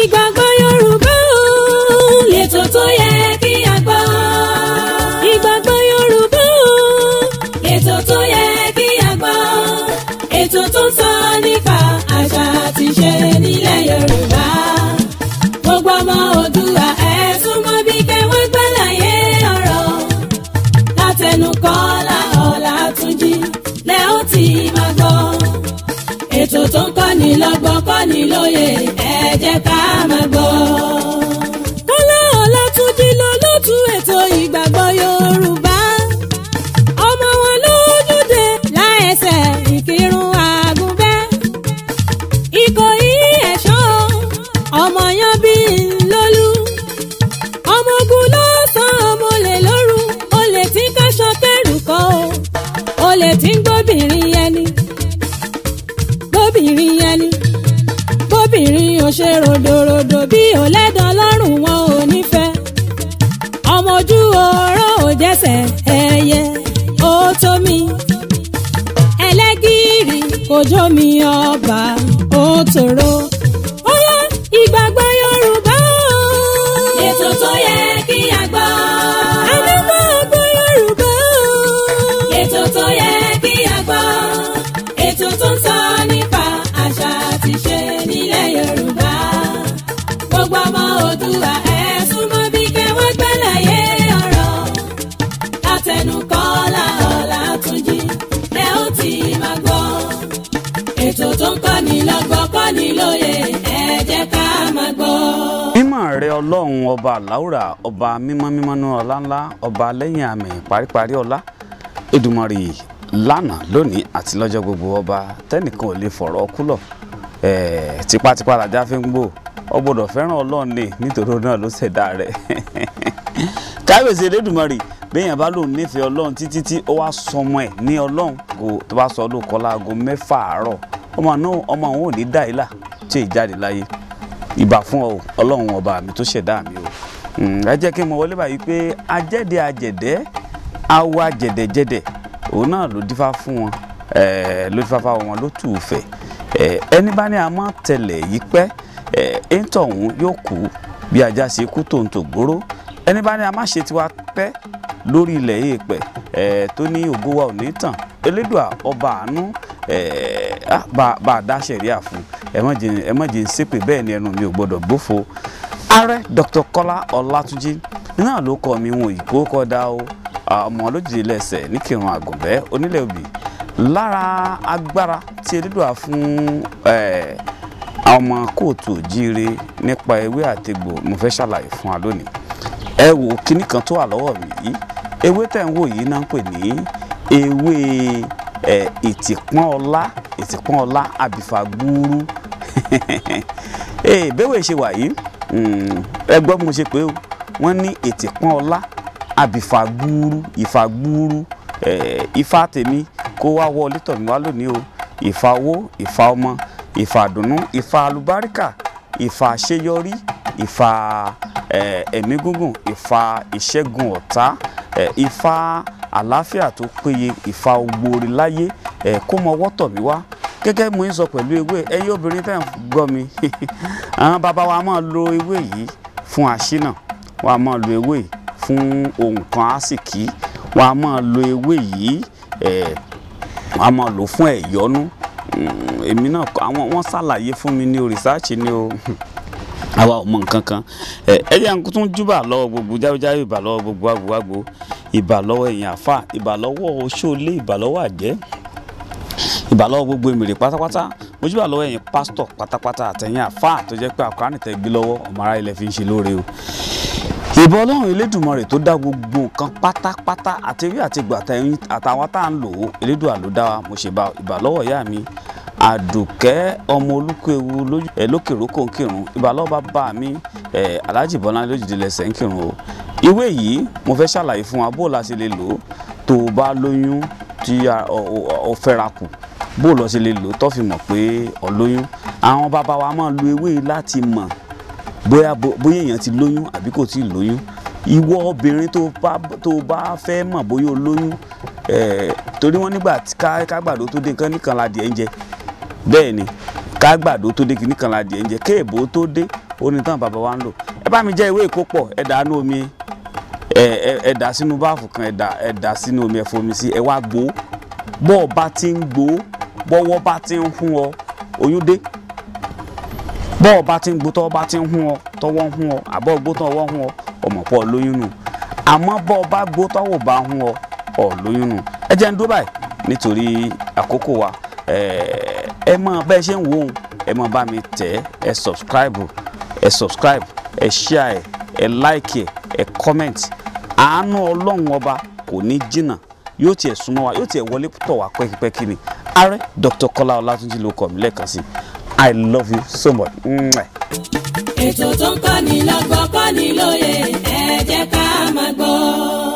ìgbàgbọ́ Yorùbá ó lẹ́tọ̀ tó yẹ kí a gbọ́. ìgbàgbọ́ Yorùbá ó lẹ́tọ̀ tó yẹ kí a gbọ́. ètò tó ń sọ nípa àṣà àti ìṣe nílẹ̀ Yorùbá. gbogbo ọmọ Oòduà ẹ súnmọ́ bí kẹwọ́n gbàlàyé ọ̀rọ̀ látẹnu Kọ́lá Ọlátúnjí lẹ ó ti máa gbọ́. ètò tó ń kọ́ni lọ́gbọ́n kọ́ni lóye ẹ jẹ́ ká. ọkùnrin tí ń gbóbìnrin yẹn ni gbóbìnrin yẹn ni bóbìnrin ò ṣe ròdòròdò bí ò lẹ́dàn lọ́rùn wọn ò nífẹ̀ẹ́ ọmọ ojú oró ò jẹ́sẹ̀ ẹyẹ ó tó mi ẹlẹ́gìrì kò jó mi ọba. ọlọ́run ọba àláùrà ọba mímọ́mímọ́nú ọláńlá ọba lẹ́yìn àmì paríparí ọlá edumari lánàá lónìí àti lọ́jọ́ gbogbo ọba tẹ́nìkan ò lè fọ̀rọ̀ kúlọ̀ tipatipa làjá fi ń gbò ọ gbọ́dọ̀ fẹ́ràn ọlọ́run ni nítorí náà ló ṣẹ̀dá rẹ̀ bá lòun nífẹ̀ẹ́ ọlọ́run títí tí ó wá sọmọ ọmọ ọmọ ò ní ìbà fún ọ ọlọ́run ọba mi tó ṣẹ̀dá mi o hmm, ẹ jẹ́ kí n mọ wọlé báyìí pé ajẹ́dẹ́ ajẹ̀dẹ́ awa jẹ̀dẹ̀jẹ̀dẹ̀ òun náà ló dífá fún wọn ló dífá fáwọn wọn ló tù ú fẹ̀ ẹni bá ní a máa tẹ̀lẹ̀ yìí pẹ́ ẹ̀ńtọ̀ ọ̀hún yóò kú bí ajá ṣe kú tòǹtò gbóró ẹni bá ní a má ṣe tiwa pẹ́ lórí ilẹ̀ yìí pẹ̀ tó ní ògo wa ò ní tàn Elédùà ọba àánú bá a dá ṣẹ̀ríà fún un ẹ má jẹ́ ń ṣépè bẹ́ẹ̀ ni ẹnu mi ò gbọ́dọ̀ gbófo ààrẹ Dr. Kọ́lá Ọlátúnjí náà ló kọ mi wọn ìkó kọ́dá o ọmọ lójijì lẹ́sẹ̀ ní kírun àgùnbẹ́ onílẹ̀ òbí lára agbára tí elédùà fún ọmọ kóòtù òjíire nípa ewé àtegbò mo fẹ́ ṣàlàyé fún wa lónìí ẹ wo kinní kan tó wà lọ́wọ́ mi yìí ewé tẹ̀ ń wò yìí náà ń pè ní ewé ìtìpọ́n ọlá ìtìpọ́n ọlá àbífà gbúrú ee bẹ́wẹ̀ ṣe wà yìí hmm, ẹ gbọ́ mo ṣe pé wọ́n ní ètè pọ́n ọlá àbìfà gbúurú ìfà gbúurú ifá tèmi kó wá wọlé tọ̀mí wá lónìí o ìfà owó ìfà ọmọ ìfà àdùnnú ìfà àlùbáríkà ìfà àṣeyọrí ìfà ẹ̀mí gúngùn ìfà ìṣẹ́gun ọ̀tá ìfà àlàáfíà tó péye ìfà ogbóore láyé kó mọ ọwọ́ tọ̀mí wá gẹ́gẹ́ mo ń sọ pẹ̀lú ewé ẹ̀yin obìnrin tẹ́ ń gbọ́ mi àwọn bàbá wa máa lo ewé yìí fún àṣínà wọ́n á máa lo ewé yìí fún nǹkan àsìkí wọ́n á máa lo ewé yìí wọ́n máa lò fún ẹ̀yọ́nú hmm, èmi náà wọ́n ṣàlàyé fún mi ní o rìsáàchì ni o àwa ò mọ nǹkan kan ẹ ẹ jẹ́ àwọn tún júbà lọ́wọ́ gbogbo jáwéjáwé ìbà lọ́wọ́ gbogbo agbowagbo ìbà lọ́wọ́ èèyàn àfà ìbà lọ́wọ́ oṣó àjẹ́ ìbàlọ́wọ́ gbogbo èmìrè pátápátá mojúbà lọ́wọ́ ẹ̀yin pásítọ̀ pátápátá àtẹ̀yìn àfáà tó jẹ́ pé àkọ́rán tẹ̀ gbé lọ́wọ́ ọmọ ará ilẹ̀ fi ń ṣe lóore o ìbọn ọlọ́run elédùnmarè tó dá gbogbo nǹkan pátápátá àtẹ̀wé àtẹ̀gbà àtàwọn tá à ń lò ó elédùà ló dá wa mo ṣe bá ìbàlọ́wọ́ ìyá mi àdùkẹ́ ọmọ olúkúewu lókèrúkọ ń kírun ìbàlọ́wọ́ bàbá mi aláàjì bọ́lá lójijì lẹ́sẹ̀ ń kírun o ìwé yìí mo fẹ́ ṣàlàyé fún wa bó o la ṣe lè lò ó tó o bá lóyún tí o fẹ́ra kù bó lọ ṣe lè lò tó fi mọ̀ pé ọlóyún àwọn bàbá wa máa lo ewé láti mọ̀ bóyá bóyá èèyàn ti lóyún àbí kò tí ì lóyún ìwọ obìnrin tó bá tó bá fẹ́ mọ̀ bóyá o lóyún torí wọ́n nígbà kágbàdo tó dé nǹkan nìkan la dìẹ̀ ń jẹ bẹ́ẹ̀ ni kágbàdo tó dé nìkan la dìẹ̀ ń kéèbó tó dé onítàn bàbá wa ń lò ẹ bá mi jẹ́ ìwé ìkópọ̀ ẹ dànù omi ẹ dà sínú báàfù kan ẹ dà sínú omi ẹ fomi sí ẹ wá gbó bọ́ọ̀ bá ti ń gbó bọ́wọ́ bá ti ń hún ọ oyún dé bọ́ọ̀ bá ti ń gbó tọ́wọ́ bá ti ń hún ọ tọ́wọ́ ń hún ọ àbọ̀ gbó tọ́wọ́ ń hún ọ ọmọ pọ̀ lóyún nù àmọ́ bọ́ọ̀ bá gbó tọ́wọ́ bá hún ọ ọ lóyún nù ẹ jẹ́ ń dúró báyìí nítorí àkókò wa ẹ mọ bẹ́ẹ̀ ṣe ń wò ó ẹ mọ bá mi tẹ̀ ẹ subscribe ẹ subscribe ẹ share ẹ like ẹ comment àánú ọlọ́run ọba kò ní jìnnà yóò tiẹ̀ súnmọ́ wa yóò tiẹ̀ wọlé tọ̀ wá pẹ́kipẹ́ki ni ààrẹ Dr. Kọ́lá Ọlátúnjí ló kọ mí lẹ́ẹ̀kan sí i love you so much. ètò tó ń kọ́ni lọ́gbọ́n kọ́ni lóye ẹ jẹ́ ká máa gbọ́.